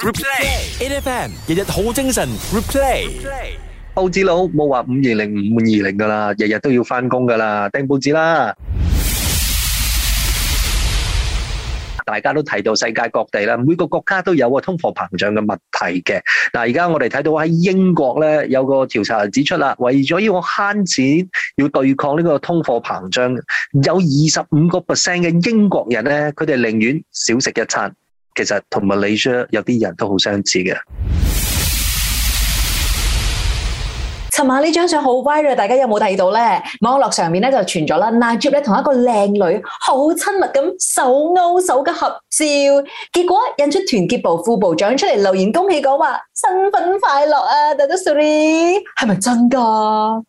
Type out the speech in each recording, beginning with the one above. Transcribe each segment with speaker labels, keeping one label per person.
Speaker 1: Replay，A F M，日日好精神。Replay，報紙佬冇話五二零五二零噶啦，日日都要翻工噶啦，訂報紙啦。大家都提到世界各地啦，每個國家都有個通貨膨脹嘅問題嘅。嗱，而家我哋睇到喺英國咧有個調查指出啦，為咗要慳錢，要對抗呢個通貨膨脹，有二十五個 percent 嘅英國人咧，佢哋寧願少食一餐。其實同埋李 Sir 有啲人都好相似嘅。
Speaker 2: 琴晚呢張相好 viral，大家有冇睇到咧？網絡上面咧就傳咗啦，Najib 咧同一個靚女好親密咁手勾手嘅合照，結果引出團結部副部長出嚟留言恭喜講話新婚快樂啊！大多 sorry，係咪真噶？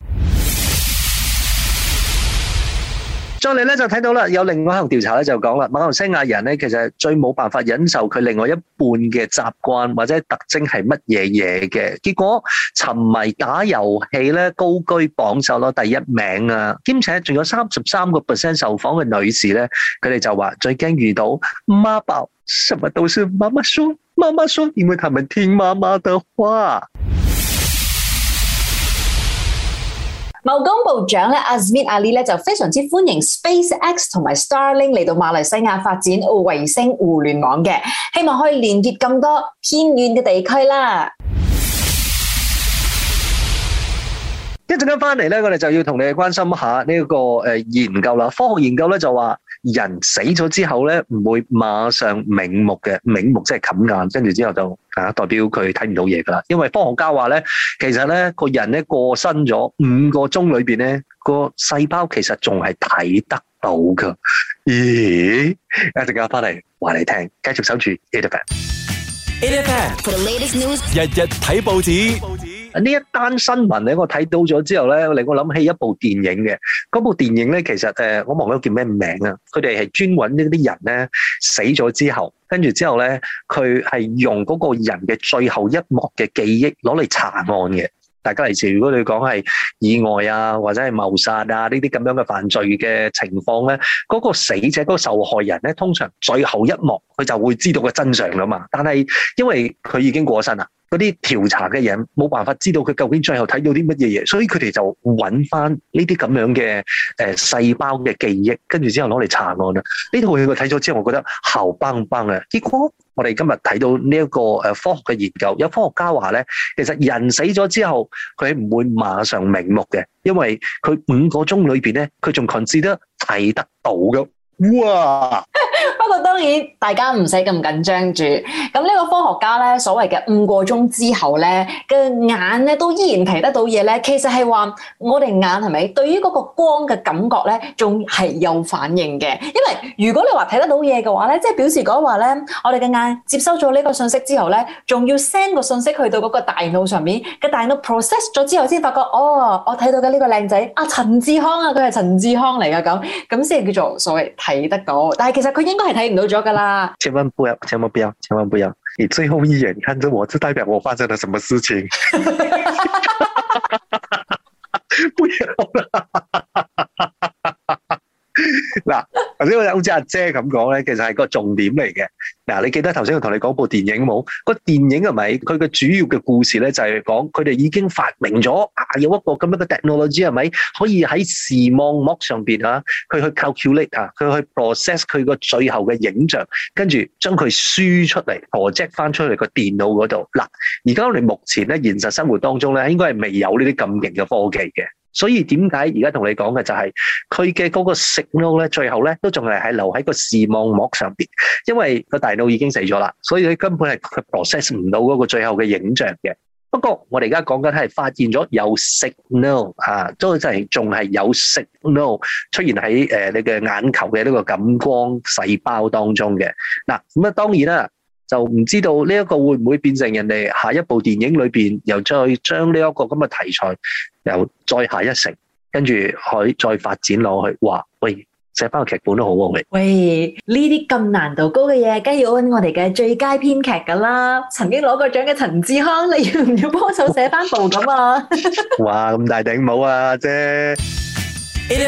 Speaker 1: 再嚟咧就睇到啦，有另外一項調查咧就講啦，馬來西亞人咧其實最冇辦法忍受佢另外一半嘅習慣或者特徵係乜嘢嘢嘅，結果沉迷打遊戲咧高居榜首咯第一名啊，兼且仲有三十三個 percent 受訪嘅女士咧，佢哋就話最驚遇到媽寶，什麼都是媽媽說，媽媽說，因為他們聽媽媽的話。
Speaker 2: 茂工部長阿 Smith 阿李就非常之歡迎 Space X 同埋 s t a r l i n g 嚟到馬來西亞發展衛星互聯網嘅，希望可以連接咁多偏遠嘅地區啦。
Speaker 1: 一陣間翻嚟呢，我哋就要同你關心一下呢個研究啦。科學研究呢，就話。人死咗之後咧，唔會馬上瞑目嘅，瞑目即係冚眼，跟住之後就吓代表佢睇唔到嘢噶啦。因為科學家話咧，其實咧個人咧過身咗五個鐘裏邊咧個細胞其實仲係睇得到噶。咦，一陣間翻嚟話你聽，繼續守住 e v e n t e p a n for the latest news，日日睇報紙。報紙呢一單新聞咧，我睇到咗之後咧，令我諗起一部電影嘅。嗰部電影咧，其實誒，我忘咗叫咩名啊。佢哋係專揾呢啲人咧死咗之後，跟住之後咧，佢係用嗰個人嘅最後一幕嘅記憶攞嚟查案嘅。大家嚟自，如果你講係意外啊，或者係謀殺啊呢啲咁樣嘅犯罪嘅情況咧，嗰、嗰個死者、嗰個受害人咧，通常最後一幕佢就會知道個真相噶嘛。但係因為佢已經過身啦。嗰啲調查嘅人冇辦法知道佢究竟最後睇到啲乜嘢嘢，所以佢哋就揾翻呢啲咁樣嘅誒細胞嘅記憶，跟住之後攞嚟查案啦。呢套戲我睇咗之後，我覺得喉崩崩嘅。結果我哋今日睇到呢一個誒科學嘅研究，有科學家話咧，其實人死咗之後，佢唔會馬上瞑目嘅，因為佢五個鐘裏面咧，佢仲存住得睇得到㗎。
Speaker 2: 哇！咁當然大家唔使咁緊張住。咁呢個科學家咧，所謂嘅五個鐘之後咧嘅眼咧都依然睇得到嘢咧。其實係話我哋眼係咪對於個光嘅感覺咧仲係有反應嘅？因為如果你話睇得到嘢嘅話咧，即係表示講話咧，我哋嘅眼接收咗呢個信息之後咧，仲要 send 個信息去到個大腦上面嘅大腦 process 咗之後先發覺哦，我睇到嘅呢個靚仔啊，陳志康啊，佢係陳志康嚟嘅咁，咁先係叫做所謂睇得到。但係其實佢應該係睇。唔到咗㗎啦！
Speaker 1: 千萬不要，千萬不要，千萬不要！你最後一眼，看着我，就代表我發生了什麼事情。 不要啦， 啦或者好似阿姐咁講咧，其實係個重點嚟嘅。嗱，你記得頭先我同你講部電影冇？個電影係咪？佢嘅主要嘅故事咧就係講佢哋已經發明咗有一個咁樣嘅 technology 係咪？可以喺視網膜上邊啊，佢去 calculate 啊，佢去 process 佢個最後嘅影像，跟住將佢輸出嚟 project 翻出嚟個電腦嗰度。嗱，而家我哋目前咧現實生活當中咧，應該係未有呢啲咁勁嘅科技嘅。所以點解而家同你講嘅就係佢嘅嗰個 signal 咧，最後咧都仲係喺留喺個視網膜上邊，因為個大腦已經死咗啦，所以佢根本係佢 process 唔到嗰個最後嘅影像嘅。不過我哋而家講緊係發現咗有 signal 啊，都真係仲係有 signal 出現喺誒你嘅眼球嘅呢個感光細胞當中嘅。嗱咁啊，當然啦。就唔知道呢一個會唔會變成人哋下一部電影裏邊，又再將呢一個咁嘅題材，又再下一成，跟住可以再發展落去。哇！喂，寫翻個劇本都好好味。
Speaker 2: 喂，呢啲咁難度高嘅嘢，梗要揾我哋嘅最佳編劇噶啦。曾經攞過獎嘅陳志康，你要唔要幫手寫翻部咁 啊？
Speaker 1: 哇！咁大頂帽啊，啫！
Speaker 3: 日
Speaker 1: 日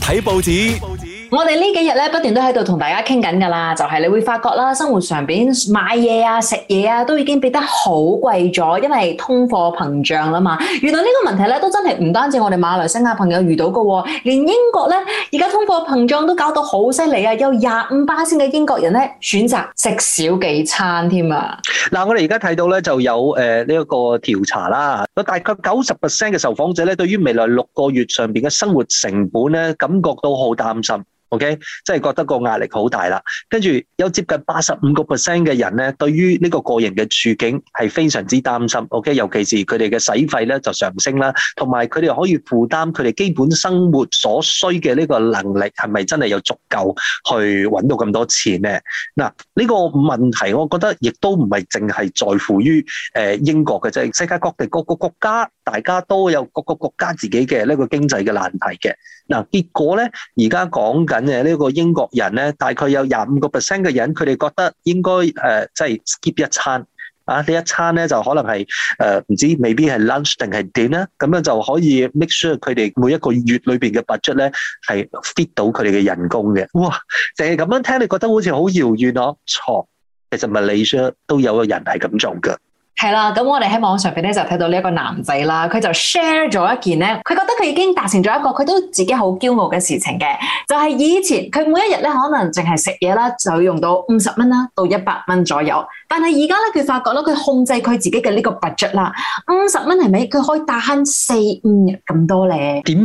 Speaker 1: 睇報紙。報紙
Speaker 2: 我哋呢幾日咧不斷都喺度同大家傾緊㗎啦，就係你會發覺啦，生活上邊買嘢啊、食嘢啊，都已經變得好貴咗，因為通貨膨脹啦嘛。原來呢個問題咧都真係唔單止我哋馬來西亞朋友遇到嘅喎，連英國咧而家通貨膨脹都搞到好犀利啊！有廿五%嘅英國人咧選擇食少幾餐添啊！
Speaker 1: 嗱，我哋而家睇到咧就有誒呢一個調查啦，有大概九十%嘅受訪者咧對於未來六個月上邊嘅生活成本咧感覺到好擔心。O K，即係覺得個壓力好大啦，跟住有接近八十五個 percent 嘅人咧，對於呢個個人嘅處境係非常之擔心。O K，尤其是佢哋嘅使費咧就上昇啦，同埋佢哋可以負擔佢哋基本生活所需嘅呢個能力係咪真係有足夠去搵到咁多錢咧？嗱，呢個問題我覺得亦都唔係淨係在乎於誒英國嘅啫，世界各地各個國家。大家都有各個國家自己嘅呢個經濟嘅難題嘅。嗱，結果咧，而家講緊嘅呢個英國人咧，大概有廿五個 percent 嘅人，佢哋覺得應該誒，即、呃、係、就是、skip 一餐啊，呢一餐咧就可能係誒唔知道未必 y 係 lunch 定係點啦。咁樣就可以 make sure 佢哋每一個月裏邊嘅 budget 咧係 fit 到佢哋嘅人工嘅。哇，淨係咁樣聽，你覺得好似好遙遠哦、啊。錯，其實 Malaysia 都有人係咁做嘅。
Speaker 2: 係啦，咁我哋喺網上邊呢就睇到呢一個男仔啦，佢就 share 咗一件呢。佢覺得佢已經達成咗一個佢都自己好驕傲嘅事情嘅，就係以前佢每一日呢可能淨係食嘢啦，就要用到五十蚊啦到一百蚊左右。但係而家咧，佢發覺咧，佢控制佢自己嘅呢個 budget 啦，五十蚊係咪？佢可以打慳四五日咁多
Speaker 1: 咧。點？點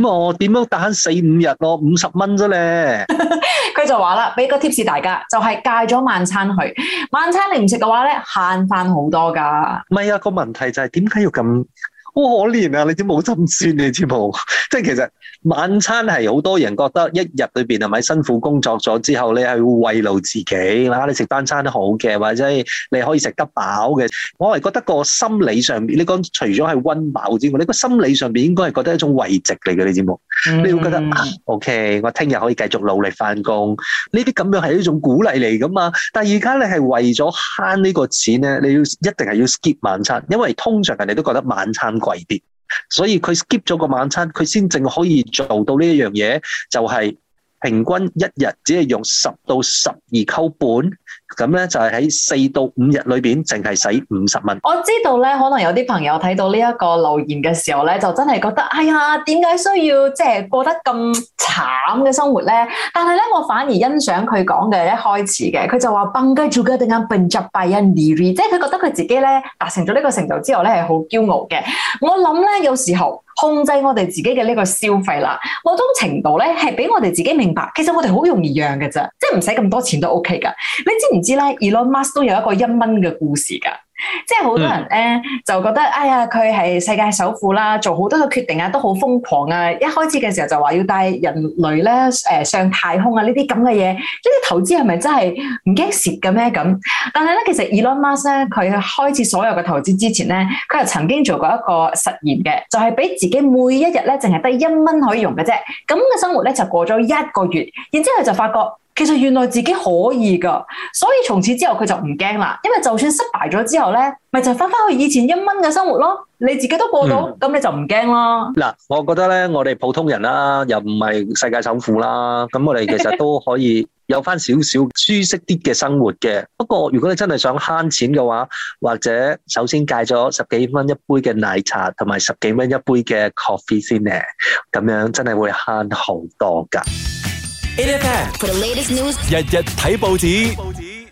Speaker 1: 樣打慳四五日咯？五十蚊啫咧。
Speaker 2: 佢 就話啦，俾個 tips 大家，就係、是、戒咗晚餐去。晚餐你唔食嘅話咧，慳翻好多噶。
Speaker 1: 唔係啊，個問題就係點解要咁？好可憐啊！你知冇，好心酸你知冇？即係其實晚餐係好多人覺得一日裏邊係咪，辛苦工作咗之後，你係會慰勞自己，啊你食單餐都好嘅，或者你可以食得飽嘅。我係覺得個心理上邊，你講除咗係溫飽之外，你個心理上邊應該係覺得一種慰藉嚟嘅。你知冇？你會覺得，OK，我聽日可以繼續努力翻工。呢啲咁樣係一種鼓勵嚟噶嘛？但係而家你係為咗慳呢個錢咧，你要一定係要 skip 晚餐，因為通常人哋都覺得晚餐。所以佢 skip 咗個晚餐，佢先正可以做到呢一樣嘢，就係、是、平均一日只係用十到十二溝半。咁咧就係喺四到五日裏面淨係使五十蚊。
Speaker 2: 我知道咧，可能有啲朋友睇到呢一個留言嘅時候咧，就真係覺得，哎呀，點解需要即係、就是、過得咁慘嘅生活咧？但係咧，我反而欣賞佢講嘅一開始嘅，佢就話：bang ge zu ge，突然間即係佢覺得佢自己咧達成咗呢個成就之後咧係好驕傲嘅。我諗咧，有時候。控制我哋自己嘅呢個消費啦，某種程度呢係俾我哋自己明白，其實我哋好容易讓嘅啫，即係唔使咁多錢都 OK 㗎。你知唔知呢？Elon Musk 都有一個一蚊嘅故事㗎。即係好多人咧，就覺得哎呀佢係世界首富啦，做好多個決定啊，都好瘋狂啊！一開始嘅時候就話要帶人類咧誒、呃、上太空啊，呢啲咁嘅嘢，呢啲投資係咪真係唔驚蝕嘅咩咁？但係咧，其實 Elon Musk 咧佢開始所有嘅投資之前咧，佢係曾經做過一個實驗嘅，就係、是、俾自己每一日咧淨係得一蚊可以用嘅啫，咁嘅生活咧就過咗一個月，然之後就發覺。其實原來自己可以噶，所以從此之後佢就唔驚啦。因為就算失敗咗之後咧，咪就翻翻去以前一蚊嘅生活咯。你自己都過到，咁、嗯、你就唔驚啦。
Speaker 1: 嗱，我覺得咧，我哋普通人啦，又唔係世界首富啦，咁我哋其實都可以有翻少少舒適啲嘅生活嘅。 不過如果你真係想慳錢嘅話，或者首先戒咗十幾蚊一杯嘅奶茶，同埋十幾蚊一杯嘅 coffee 先咧，咁樣真係會慳好多噶。日日睇報紙，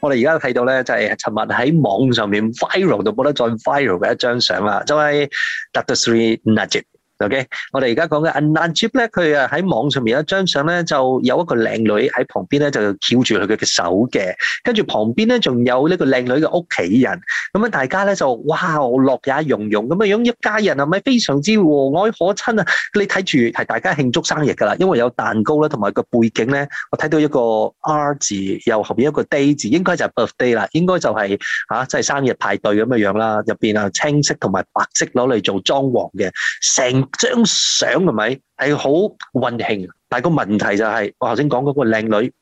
Speaker 1: 我哋而家睇到咧，就係尋日喺網上面 viral 到冇得再 viral 嘅一張相啊，就係、是、Dr. 三 Najib。O.K. 我哋而家講緊 Angel 咧，佢喺網上面一張相咧，就有一個靚女喺旁邊咧，就翹住佢嘅手嘅，跟住旁邊咧仲有呢個靚女嘅屋企人，咁樣大家咧就哇，我樂也融融咁嘅樣，一家人係咪非常之和愛可親啊！你睇住係大家慶祝生日噶啦，因為有蛋糕啦，同埋個背景咧，我睇到一個 R 字，又後面一個 D 字，應該就係 Birthday 啦，應該就係嚇即係生日派對咁嘅樣啦。入面啊，青色同埋白色攞嚟做裝潢嘅，成張相係咪係好溫馨？但個問題就係，我頭先講嗰個靚女，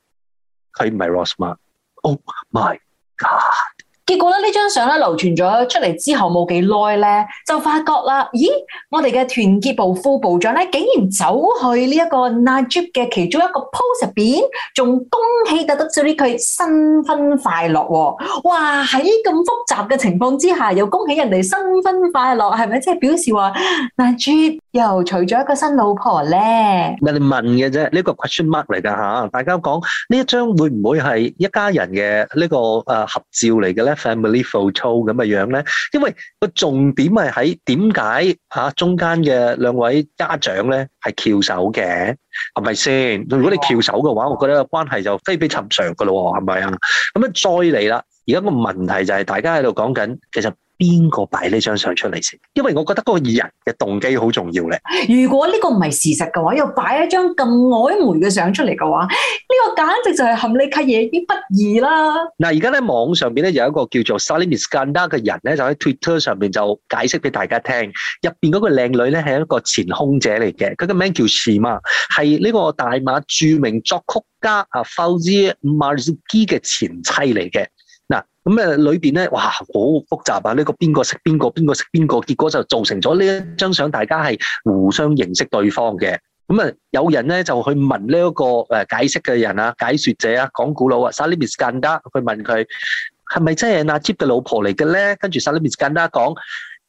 Speaker 1: 佢唔係 Rosma。Oh my god！
Speaker 2: 結果呢張相咧流傳咗出嚟之後冇幾耐呢，就發覺啦，咦？我哋嘅團結部副部長咧，竟然走去呢一個 Najib 嘅其中一個 post 入面，仲恭喜 Dato Seri 佢新婚快樂喎！哇喺咁複雜嘅情況之下，又恭喜人哋新婚快樂，係咪？即係表示話 Najib 又除咗一個新老婆咧，
Speaker 1: 人哋問嘅啫，呢個 question mark 嚟㗎嚇？大家講呢一張會唔會係一家人嘅呢個誒合照嚟嘅咧？Family photo 咁嘅樣咧，因為個重點係喺點解嚇，中間嘅兩位家長咧係翹手嘅，係咪先？如果你翹手嘅話，我覺得關係就非比尋常㗎咯，係咪啊？咁樣再嚟啦，而家個問題就係大家喺度講緊，其實。邊個擺呢張相出嚟先？因為我覺得嗰個人嘅動機好重要
Speaker 2: 咧。如果呢個唔係事實嘅話，又擺一張咁曖昧嘅相出嚟嘅話，呢個簡直就係含淚睇已鶯不義啦。
Speaker 1: 嗱，而家咧網上邊咧有一個叫做 Salim Iskandar 嘅人咧，就喺 Twitter 上邊就解釋俾大家聽，入邊嗰個靚女咧係一個前空姐嚟嘅，佢嘅名叫慈瑪，係呢個大馬著名作曲家啊 Fauzi Marzuki 嘅前妻嚟嘅。咁誒裏邊咧，哇，好複雜啊！呢、這個邊個識邊個，邊個識邊個，結果就造成咗呢一張相，大家係互相認識對方嘅。咁啊，有人咧就去問呢一個誒解釋嘅人啊、解説者啊、講古老講古佬啊，Salim Iskandar 去問佢係咪真係阿 Jib 嘅老婆嚟嘅咧？跟住 Salim Iskandar 講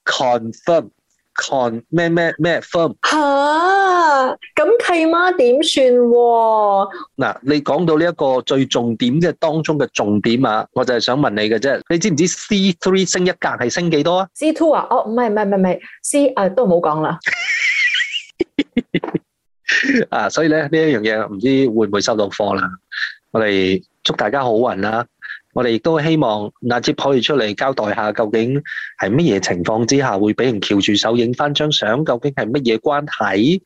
Speaker 1: confirm。看咩咩咩 firm？
Speaker 2: 吓？咁契媽點算喎？
Speaker 1: 嗱，你講到呢一個最重點嘅、即係、當中嘅重點啊，我就係想問你嘅啫。你知唔知 C three 升一格係升幾多啊
Speaker 2: ？C two 啊？哦，唔係唔係唔係，C 啊都唔好講啦。
Speaker 1: 啊，所以咧呢一樣嘢唔知會唔會收到貨啦？我哋祝大家好運啦，啊！我哋亦都希望娜接可以出嚟交代下，究竟係乜嘢情況之下會俾人翹住手影返張相？究竟係乜嘢關係？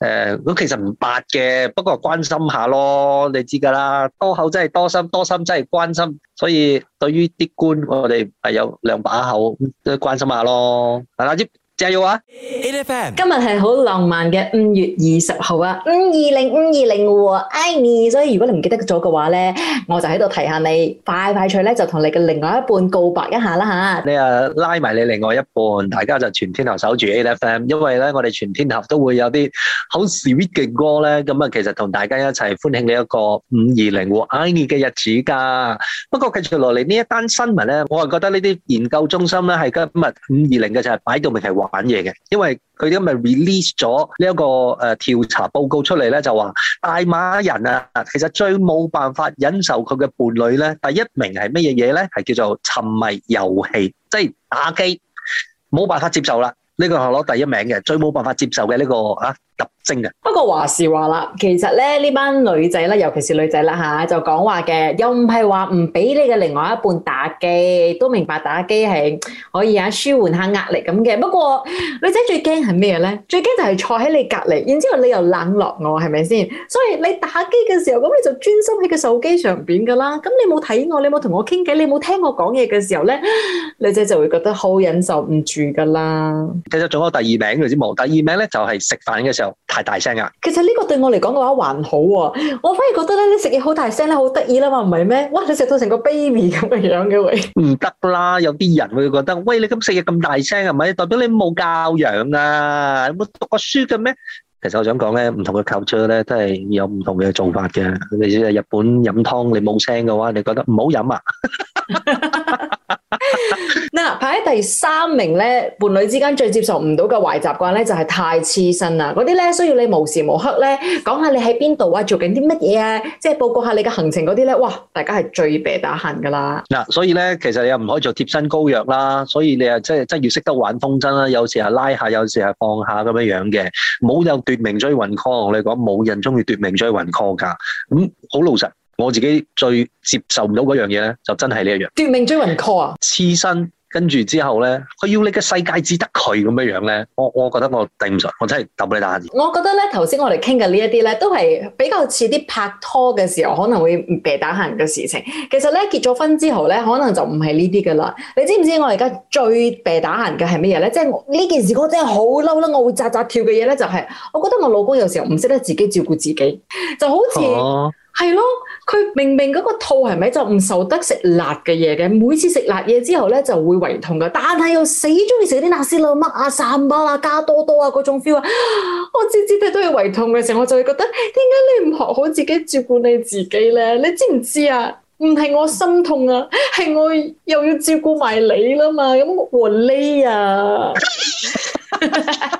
Speaker 1: 誒，咁其實唔白嘅，不過關心下咯，你知㗎啦，多口真係多心，多心真係關心，所以對於啲官我哋係有兩把口，都關心下咯。係娜接。仲要話？A F
Speaker 2: M 今日係好浪漫嘅五月二十號啊，五二零五二零喎，愛你！所以如果你唔記得咗嘅話咧，我就喺度提下你，快快脆咧就同你嘅另外一半告白一下啦吓！
Speaker 1: 你啊拉埋你另外一半，大家就全天候守住 A F M，因為咧我哋全天候都會有啲好 sweet 嘅歌咧，咁啊其實同大家一齊歡慶呢一個五二零和愛你嘅日子噶。不過繼續落嚟呢一單新聞咧，我係覺得呢啲研究中心咧係今日五二零嘅就係擺到明係黃。反應嘅，因為佢哋家咪 release 咗呢一個誒調查報告出嚟咧，就話大馬人啊，其實最冇辦法忍受佢嘅伴侶咧，第一名係乜嘢嘢咧？係叫做沉迷遊戲，即係打機，冇辦法接受啦。呢、這個係攞第一名嘅，最冇辦法接受嘅呢、這個啊。特徵
Speaker 2: 嘅。不過話時話啦，其實咧呢班女仔咧，尤其是女仔啦吓，就講話嘅，又唔係話唔俾你嘅另外一半打機，都明白打機係可以啊舒緩下壓力咁嘅。不過女仔最驚係咩咧？最驚就係坐喺你隔離，然之後你又冷落我係咪先？所以你打機嘅時候，咁你就專心喺個手機上面噶啦。咁你冇睇我，你冇同我傾偈，你冇聽我講嘢嘅時候咧，女仔就會覺得好忍受唔住噶啦。
Speaker 1: 其實仲有第二名嘅之毛，第二名咧就係食飯嘅時候，太大聲啊！
Speaker 2: 其實呢個對我嚟講嘅話還好喎，啊，我反而覺得咧，你食嘢好大聲咧，好得意啦嘛，唔係咩？哇！你食到成個 baby 咁嘅樣嘅喂，唔
Speaker 1: 得啦！有啲人會覺得，喂你咁食嘢咁大聲係咪？代表你冇教養啊？沒有冇讀過書嘅咩？其實我想講咧，唔同嘅 culture 咧，都係有唔同嘅做法嘅。你知啊，日本飲湯你冇聲嘅話，你覺得唔好飲啊？
Speaker 2: 嗱， 排喺第三名咧，伴侶之間最接受唔到嘅壞習慣咧，就係、是、太黐身啦。嗰啲咧，需要你無時無刻咧講下你喺邊度啊，做緊啲乜嘢啊，即係報告下你嘅行程嗰啲咧。哇，大家係最被打閒噶啦。
Speaker 1: 嗱，所以咧，其實你又唔可以做貼身膏藥啦。所以你啊、就是，即係真係要識得玩風箏啦。有時係拉下，有時係放下咁樣樣嘅，冇有奪命追魂 call。我哋講冇人中意奪命追魂 call 噶，咁好老實。我自己最接受唔到嗰樣嘢咧，就真係呢一樣。
Speaker 2: 奪命追魂 call
Speaker 1: 啊！黐身，跟住之後咧，佢要你嘅世界只得佢咁樣樣咧。我我覺得我頂唔順，我真係打畀你打字。
Speaker 2: 我覺得咧，頭先我哋傾嘅呢一啲咧，都係比較似啲拍拖嘅時候可能會被打閒嘅事情。其實咧，結咗婚之後咧，可能就唔係呢啲噶啦。你知唔知我而家最被打閒嘅係乜嘢咧？即係呢件事，我真係好嬲啦！我會扎扎跳嘅嘢咧，就係、是、我覺得我老公有時候唔識得自己照顧自己，就好似係、啊、咯。佢明明嗰個肚係咪就唔受得食辣嘅嘢嘅？每次食辣嘢之後咧，就會胃痛㗎，但係又死中意食啲辣絲佬、乜啊散巴啦、啊、加多多啊嗰種 feel 話、啊，我次次都都要胃痛嘅時候，我就會覺得點解你唔學好自己照顧你自己咧？你知唔知啊？唔係我心痛啊，係我又要照顧埋你啦嘛，咁我話你啊！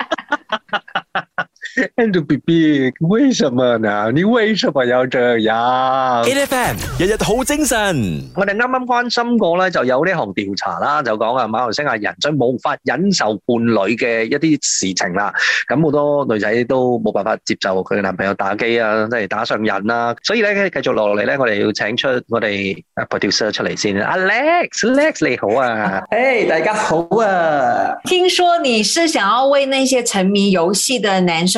Speaker 1: Andrew B B，為什麼呢？你為什麼要這樣？A, minute, a, minute, a, minute, a、yeah. EFM 日日好精神。我哋啱啱關心過啦，就有呢項調查啦，就講啊，馬來西亞人最冇法忍受伴侶嘅一啲事情啦。咁好多女仔都冇辦法接受佢嘅男朋友打機啊，即係打上癮啦、啊。所以咧，繼續落嚟咧，我哋要請出我哋 producer 出嚟先。Alex，Alex
Speaker 3: Alex, 你好啊，誒、
Speaker 2: hey,，大家好啊。聽說你是想要為那些沉迷遊戲嘅男生。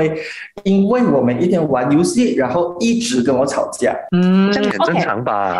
Speaker 3: 因為我們一天玩遊戲，然後一直跟我吵架，嗯，這個很正常吧。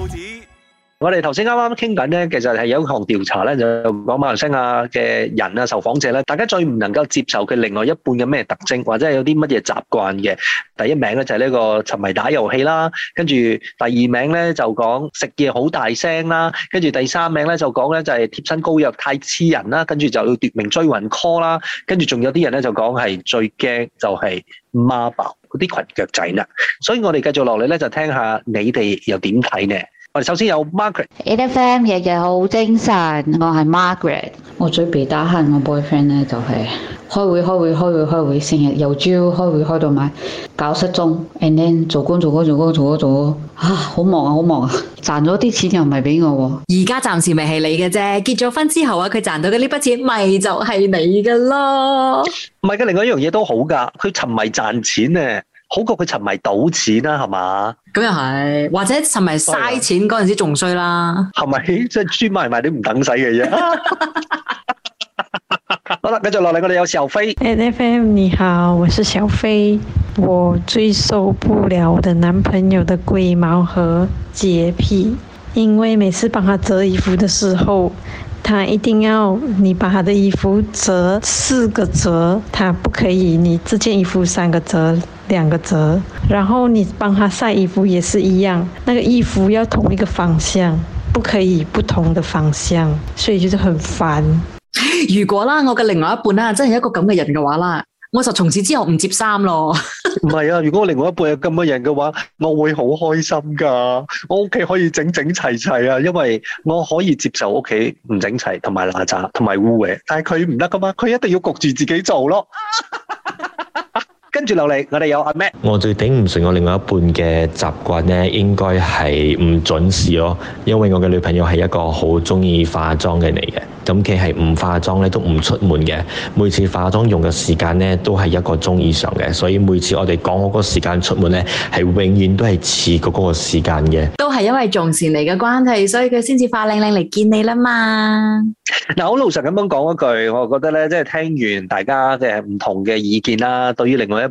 Speaker 1: 我哋頭先啱啱傾緊咧，其實係有一項調查咧，就講馬來西亞嘅人啊，受訪者咧，大家最唔能夠接受佢另外一半有咩特徵，或者係有啲乜嘢習慣嘅。第一名咧就係呢個沉迷打遊戲啦，跟住第二名咧就講食嘢好大聲啦，跟住第三名咧就講咧就係貼身膏藥太黐人啦，跟住就要奪命追魂 call 啦，跟住仲有啲人咧就講係最驚就係孖爆嗰啲裙腳仔啦。所以我哋繼續落嚟咧，就聽下你哋又點睇呢？我哋首先有 Margaret。
Speaker 2: A.F.M. 日日好精神，我係 Margaret。我準備打乞我 boyfriend 咧，就係開，開，開，開會，開會，開會，開會，成日由朝開會開到晚，搞失蹤。And then 做工，做工，做工，做工，做工，啊，好忙啊，好忙啊！賺咗啲錢又唔係俾我喎。而家暫時咪係你嘅啫，結咗婚之後啊，佢賺到嘅呢筆錢咪就係、是、你嘅咯。
Speaker 1: 唔係嘅，另外一樣嘢都好噶，佢沉迷賺錢啊。好過佢沉迷賭錢啦，係嘛？
Speaker 2: 咁又係，或者沉迷嘥錢嗰陣時仲衰啦，
Speaker 1: 係咪？ 即係專買埋啲唔等使嘅嘢。好啦，繼續落嚟，我哋有小
Speaker 2: 飛 N F M。你好，我是小飛。我最受不了我男朋友嘅龜毛和潔癖，因為每次幫佢折衣服嘅時候，他一定要你把佢嘅衣服折四個折，他不可以你這件衣服三個折。兩個折，然後你幫他曬衣服也是一樣，那個衣服要同一個方向，不可以不同的方向，所以就是很煩。如果啦，我嘅另外一半啦，真係一個咁嘅人嘅話啦，我就從此之後唔折衫咯。
Speaker 1: 唔 係啊，如果我另外一半有咁嘅人嘅話，我會好開心噶，我屋企可以整整齊齊啊，因為我可以接受屋企唔整齊
Speaker 3: 同埋邋遢同埋污嘅，
Speaker 1: 但係佢唔得噶嘛，佢一定要焗住自己做咯。
Speaker 3: 跟住落嚟，我哋有阿咩？我最頂唔順我另外一半嘅習慣呢，應該係唔準時咯。因為我嘅女朋友係一個好鍾意化妝嘅人嘅，咁佢係唔化妝咧都唔出門嘅。每次化妝用嘅時間呢都係一個鐘以上嘅，所以每次我哋講嗰個時間出門呢，係永遠都係遲過嗰個時間嘅。
Speaker 2: 都係因為重視你嘅關係，所以佢先至化靚靚嚟見你啦嘛。
Speaker 1: 嗱，好老實咁樣講一句，我覺得呢，即係聽完大家嘅唔同嘅意見啦，對於另外一半。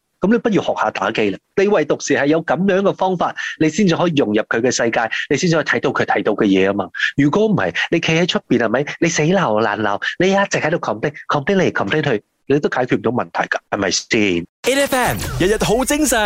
Speaker 1: 咁你不如學下打機啦！你唯獨是係有咁樣嘅方法，你先至可以融入佢嘅世界，你先至可以睇到佢睇到嘅嘢啊嘛！如果唔係，你企喺出邊係咪？你死鬧爛鬧，你一直喺度 complain，complain 嚟 complain 去，你都解決唔到問題㗎，係咪先？A F M 日日好精神。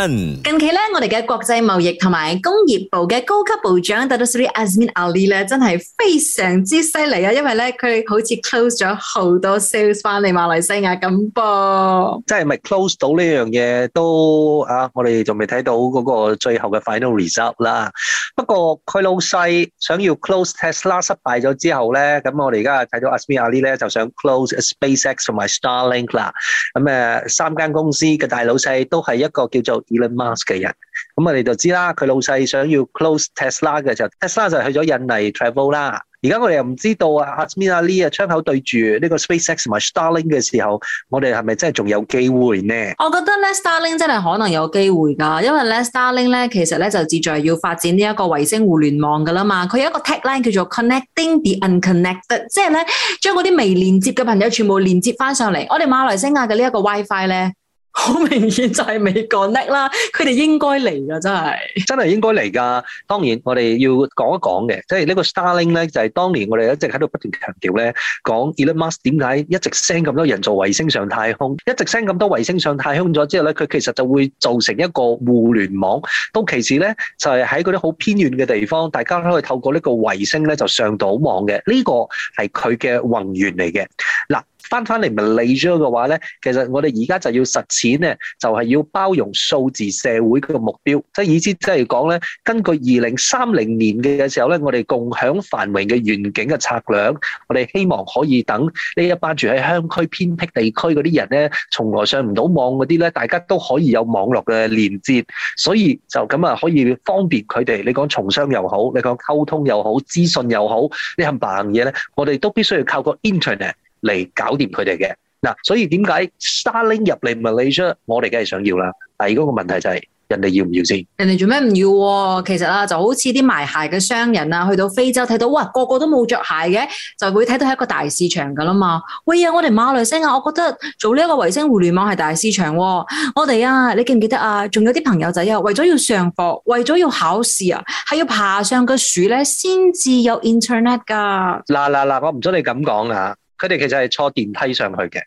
Speaker 2: 近期咧，我哋嘅國際貿易同埋工業部嘅高級部長，Dato' Seri Azmin Ali 咧，真係非常之犀利啊！因為咧，佢好似 close 咗好多 sales 翻嚟馬來西亞咁噃。
Speaker 1: 即係咪 close 到呢樣嘢都啊！我哋仲未睇到嗰個最後嘅 final result 啦。不過，佢老細想要 close Tesla 失敗咗之後咧，咁啊，我哋而家睇到 Azmin Ali 咧，就想 close SpaceX 同埋 Starlink 啦。咁誒，三間公司。大老細都係一個叫做 Elon Musk 嘅人，咁我哋就知啦。佢老細想要 close Tesla 嘅時候，Tesla 就去咗印尼 travel 啦。而家我哋又唔知道啊，阿斯米啊，李啊，窗口對住呢個 SpaceX 同埋 Starlink 嘅時候，我哋係咪真係仲有機會呢？
Speaker 2: 我覺得咧，Starlink 真係可能有機會㗎，因為咧，Starlink 咧其實咧就志在要發展呢一個衛星互聯網㗎啦嘛。佢有一個 tech line 叫做 Connecting the Unconnected，即係咧將嗰啲未連接嘅朋友全部連接翻上嚟。我哋馬來西亞嘅呢一個 WiFi 咧。好明顯就係美國叻啦，佢哋應該嚟噶，真係
Speaker 1: 真係應該嚟噶。當然我哋要講一講嘅，即係呢個 Starling 咧，就係、是、當年我哋一直喺度不斷強調咧，講 Elon Musk 點解一直 send 咁多人造衛星上太空，一直 send 咁多衛星上太空咗之後咧，佢其實就會造成一個互聯網。到其時咧，就係喺嗰啲好偏遠嘅地方，大家都可以透過個衛呢個衛星咧就上到網嘅。呢、這個係佢嘅宏願嚟嘅。嗱。翻翻嚟唔係利咗嘅話咧，其實我哋而家就要實踐咧，就係、是、要包容數字社會佢個目標。即係意思即係講咧，根據二零三零年嘅時候咧，我哋共享繁榮嘅願景嘅策略，我哋希望可以等呢一班住喺鄉區偏僻地區嗰啲人咧，從來上唔到網嗰啲咧，大家都可以有網絡嘅連接，所以就咁啊，可以方便佢哋。你講從商又好，你講溝通又好，資訊又好，你係扮嘢咧？我哋都必須要靠個 internet。嚟搞掂佢哋嘅嗱，所以點解 Starlink 入嚟 Malaysia，我哋梗係想要啦。第二嗰個問題就係、是、人哋要唔要先？
Speaker 2: 人哋做咩唔要喎、啊？其實啊，就好似啲賣鞋嘅商人啊，去到非洲睇到哇，個個都冇着鞋嘅，就會睇到係一個大市場噶啦嘛。喂啊，我哋馬來西亞，我覺得做呢一個衛星互聯網係大市場、啊。我哋啊，你記唔記得啊？仲有啲朋友仔啊，為咗要上課，為咗要考試啊，係要爬上個樹咧，先至有 Internet 噶。
Speaker 1: 嗱嗱嗱！我唔準你咁講啊！佢哋其實係坐電梯上去嘅，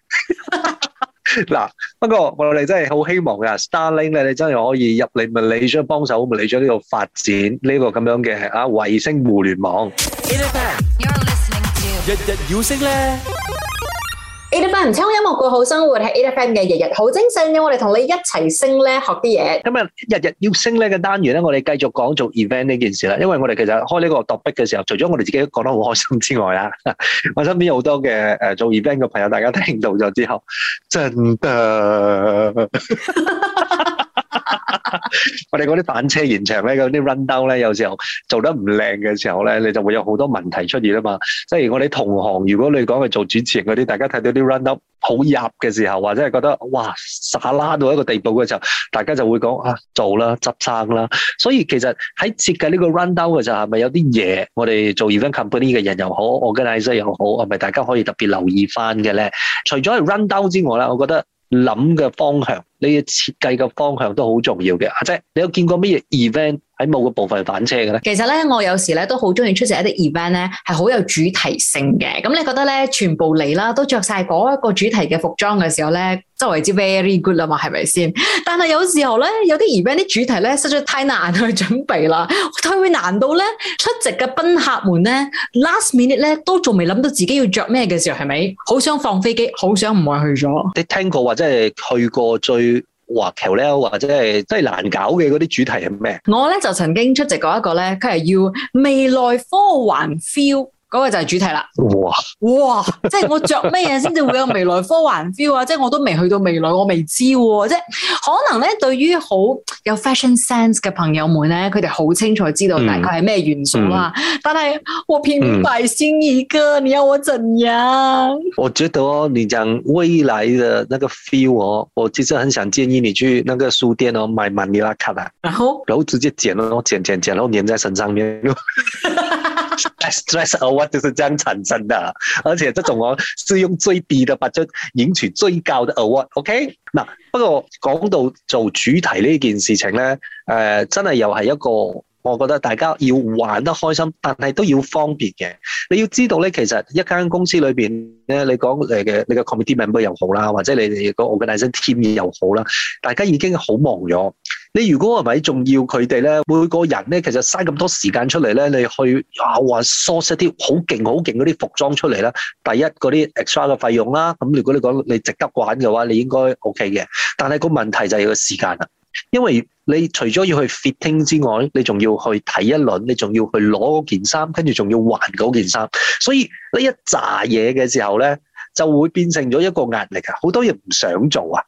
Speaker 1: 嗱，不過我哋真係好希望啊，Starlink 咧，你真係可以入嚟馬來西亞幫手馬來西亞呢度發展呢個咁樣嘅啊衛星互聯網，Japan,
Speaker 2: to 日日要識咧。A.F.M. 唔聽音樂，過好生活係 A.F.M. 嘅日日好精神，咁我哋同你一齊升咧，學啲嘢。咁啊，日日要升咧
Speaker 1: 嘅單元咧，我哋繼續講做 event 呢件事啦。因為我哋其實開呢個躲避嘅時候，除咗我哋自己都覺得好開心之外啦，我、啊、身邊好多嘅誒、呃、做 event 嘅朋友，大家聽到咗之後，真的。 我哋嗰啲板車現場咧，嗰啲 run down 咧，有時候做得唔靚嘅時候咧，你就會有好多問題出現啊嘛。即係我哋同行，如果你講係做主持人嗰啲，大家睇到啲 run down 好入嘅時候，或者係覺得哇，撒拉到一個地步嘅時候，大家就會講啊，做啦，執生啦。所以其實喺設計呢個 run down 嘅時候，係咪有啲嘢我哋做 event company 嘅人又好，organizer 又好，係咪大家可以特別留意翻嘅咧？除咗係 run down 之外咧，我覺得。諗嘅方向，你嘅設計嘅方向都好重要嘅。即係你有見過乜嘢 event 喺某個部分反車嘅呢？其
Speaker 2: 實呢，我有時呢都好中意出席一啲 event 呢係好有主題性嘅。咁你覺得呢？全部嚟啦，都着晒嗰一個主題嘅服裝嘅時候呢。周圍之 very good 啊嘛，係咪先？但係有時候咧，有啲 event 啲主題咧，實在太難去準備啦，太會難到咧出席嘅賓客們咧，last minute 咧都仲未諗到自己要着咩嘅時候，係咪？好想放飛機，好想唔去咗。你
Speaker 1: 聽過或者係去過最華球咧，或者係真係難搞嘅嗰啲主題係
Speaker 2: 咩？我咧就曾經出席過一個咧，佢係要未來科幻 feel。嗰個就係主題啦！哇，哇，即係我着咩嘢先至會有未來 科幻 feel 啊！即係我都未去到未來，我未知喎，啊，即係可能咧。對於好有 fashion sense 嘅朋友們咧，佢哋好清楚知道大概係咩元素啊。嗯嗯，但係我偏牌先而家，嗯、你要我怎樣？
Speaker 1: 我覺得，哦、你講未來嘅那個 feel 哦，我其實很想建議你去那個書店哦，買曼尼拉卡啦，然後，然後直接剪咯，剪剪剪，剪，然後粘在身上面。 我就是這樣啊，生的，而且這我是用追低的，把就贏取最高的 award OK，嗱、啊，不過講到做主題呢件事情咧，誒、呃，真係又係一個我覺得大家要玩得開心，但係都要方便嘅。你要知道咧，其實一間公司裏邊咧，你講誒嘅你個 committee member 又好啦，或者你哋個我嘅大 a team 又好啦，大家已經好忙咗。你如果係咪仲要佢哋咧？每個人咧，其實嘥咁多時間出嚟咧，你去啊話 source 啲好勁、好勁嗰啲服裝出嚟啦。第一，嗰啲 extra 嘅費用啦，咁如果你講你值得玩嘅話，你應該 OK 嘅。但係個問題就係個時間啦，因為你除咗要去 fitting 之外，你仲要去睇一輪，你仲要去攞件衫，跟住仲要還嗰件衫。所以呢一揸嘢嘅時候咧，就會變成咗一個壓力啊！好多嘢唔想做啊！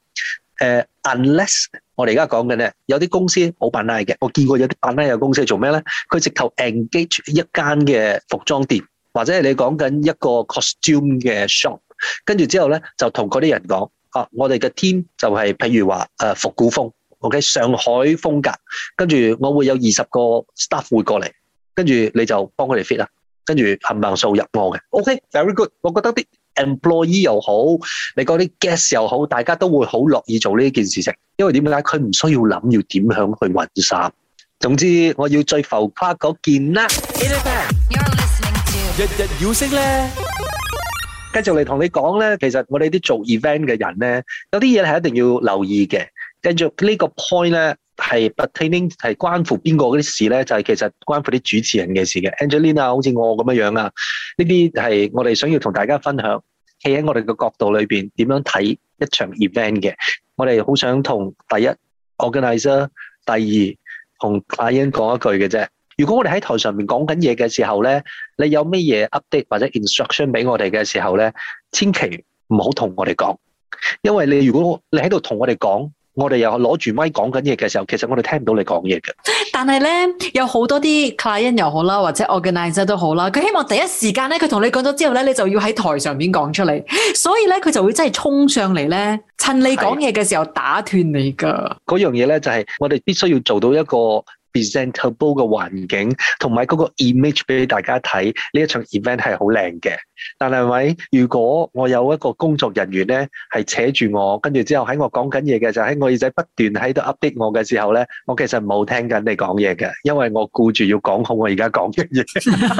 Speaker 1: 誒，unless 我哋而家講緊咧，有啲公司好扮拉嘅，我見過有啲扮拉嘅公司做咩咧？佢直頭 engage 一間嘅服裝店，或者係你講緊一個 costume 嘅 shop，跟住之後咧就同嗰啲人講，啊，我哋嘅 team 就係、是、譬如話誒、啊、復古風，OK，上海風格，跟住我會有二十個 staff 會過嚟，跟住你就幫佢哋 fit 啊，跟住冚唪唥數入我嘅？OK，very、okay? good，我覺得啲。Employee 又好，你嗰啲 guest 又好，大家都會好樂意做呢件事情，因為點解？佢唔需要諗要點樣去雲集。總之，我要最浮誇嗰件啦。In Japan, 日日要識咧，繼續嚟同你講咧。其實我哋啲做 event 嘅人咧，有啲嘢係一定要留意嘅。跟住呢個 point 咧，係 e t g e n i n g 係關乎邊個嗰啲事咧？就係、是、其實關乎啲主持人嘅事嘅。Angelina 好似我咁樣樣啊，呢啲係我哋想要同大家分享。企喺我哋嘅角度裏邊，點樣睇一場 event 嘅？我哋好想同第一 organizer，第二同阿英講一句嘅啫。如果我哋喺台上面講緊嘢嘅時候咧，你有咩嘢 update 或者 instruction 俾我哋嘅時候咧，千祈唔好同我哋講，因為你如果你喺度同我哋講。我哋又攞住咪講緊嘢嘅時候，其實我哋聽唔到你講嘢嘅。
Speaker 2: 但係咧，有好多啲 client 又好啦，或者 organizer 都好啦，佢希望第一時間咧，佢同你講咗之後咧，你就要喺台上面講出嚟。所以咧，佢就會真係衝上嚟咧，趁你講嘢嘅時候
Speaker 1: 打斷你㗎。嗰樣嘢咧，就係我哋必須要做到一個 Presentable 嘅環境同埋嗰個 image 俾大家睇，呢一場 event 係好靚嘅。但係咪？如果我有一個工作人員咧，係扯住我，跟住之後喺我講緊嘢嘅，就喺我耳仔不斷喺度 update 我嘅時候咧，我其實冇聽緊你講嘢嘅，因為我顧住要講好我而家講嘅嘢。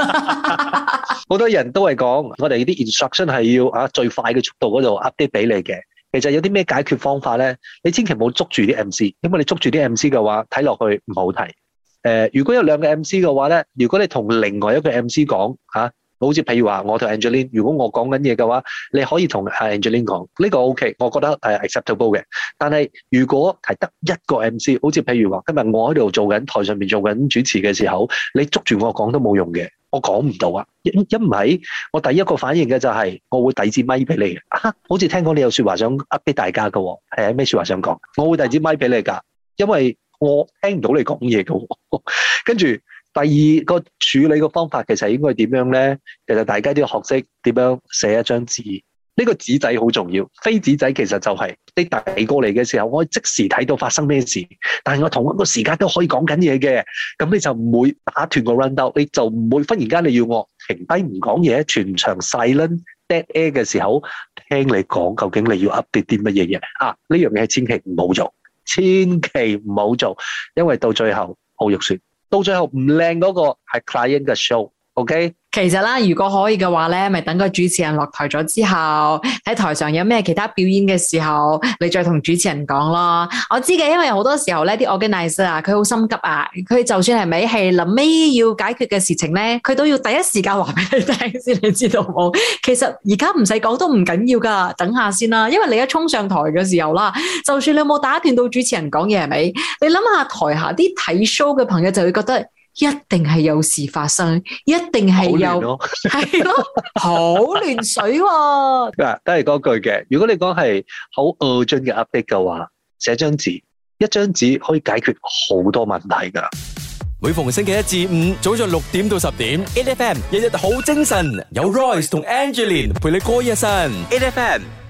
Speaker 1: 好 多人都係講，我哋啲 instruction 係要啊最快嘅速度嗰度 update 俾你嘅。其實有啲咩解決方法咧？你千祈唔好捉住啲 MC，因為你捉住啲 MC 嘅話，睇落去唔好睇。誒、呃，如果有兩個 MC 嘅話咧，如果你同另外一個 MC 講吓，好似譬如話我同 Angelina，如果我講緊嘢嘅話，你可以同阿 Angelina 講呢、這個 OK，我覺得係 acceptable 嘅。但係如果係得一個 MC，好似譬如話今日我喺度做緊台上面做緊主持嘅時候，你捉住我講都冇用嘅，我講唔到啊！因唔係我第一個反應嘅就係、是、我會遞支咪俾你嘅，啊，好似聽講你有說話想噏俾大家㗎，係啊，咩說話想講，我會遞支咪俾你噶，因為。我聽唔到你講嘢喎。跟住第二個處理嘅方法其實應該點樣咧？其實大家都要學識點樣寫一張字。呢個紙仔好重要。飛紙仔其實就係你遞過嚟嘅時候，我可以即時睇到發生咩事，但係我同一個時間都可以講緊嘢嘅，咁你就唔會打斷個 rundown 你就唔會忽然間你要我停低唔講嘢，全場 silent dead air 嘅時候聽你講究竟你要 update 啲乜嘢嘢啊？呢樣嘢千祈唔好做。千祈唔好做，因為到最後好肉酸，到最後唔靚嗰個係 client 嘅 show，OK？Okay?
Speaker 2: 其實啦，如果可以嘅話呢，咪等個主持人落台咗之後，喺台上有咩其他表演嘅時候，你再同主持人講咯。我知嘅，因為好多時候呢啲 organiser 佢好心急啊，佢就算係咪係臨尾要解決嘅事情呢，佢都要第一時間話俾你聽，先你知道冇？其實而家唔使講都唔緊要㗎，等下先啦。因為你一沖上台嘅時候啦，就算你冇打斷到主持人講嘢，係咪？你諗下台下啲睇 show 嘅朋友就會覺得。一定係有事發生，一定係有係咯，好很美、啊、 亂水、啊。
Speaker 1: 嗱，都係嗰句嘅。如果你講係好 urgent 嘅 update 嘅話，寫張紙，一張紙可以解決好多問題噶。
Speaker 3: 每逢星期一至五，早上六點到十點，8FM 日日好精神，有 Royce 同 Angeline 陪你過一生 8FM。